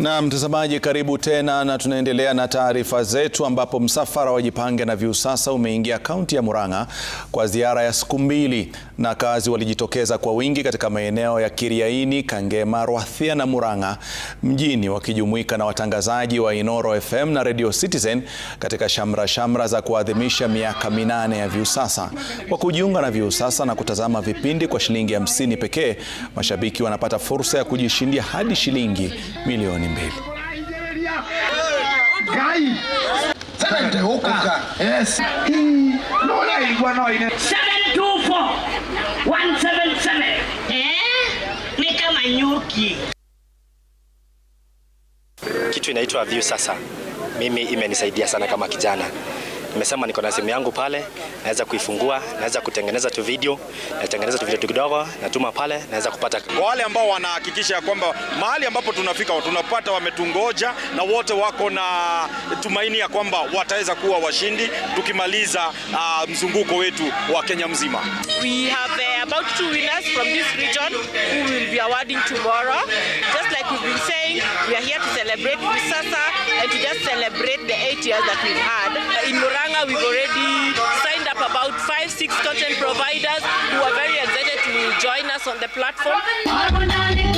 Na mtazamaji, karibu tena na tunaendelea na taarifa zetu, ambapo msafara wa Jipange na Viusasa umeingia kaunti ya Murang'a kwa ziara ya siku mbili, na kazi walijitokeza kwa wingi katika maeneo ya Kiriaini, Kangema, Rwathia na Murang'a mjini, wakijumuika na watangazaji wa Inoro FM na Radio Citizen katika shamra shamra za kuadhimisha miaka minane ya Viusasa. Kwa kujiunga na Viusasa na kutazama vipindi kwa shilingi hamsini pekee, mashabiki wanapata fursa ya kujishindia hadi shilingi milioni mbele. Eh? Kitu inaitwa view sasa mimi imenisaidia sana kama kijana. Nimesema niko na simu yangu pale, naweza kuifungua, naweza kutengeneza tu video, natengeneza tu video kidogo, natuma pale, naweza kupata. Kwa wale ambao wanahakikisha kwamba mahali ambapo tunafika tunapata, wametungoja na wote wako na tumaini ya kwamba wataweza kuwa washindi tukimaliza uh, mzunguko wetu wa Kenya mzima. We have uh, about two winners from this region who will be awarding tomorrow. Just like we've been saying, we are here to celebrate Misasa and to just celebrate the eight years that we've had. in Muranga, we've already signed up about five, six content providers who are very excited to join us on the platform.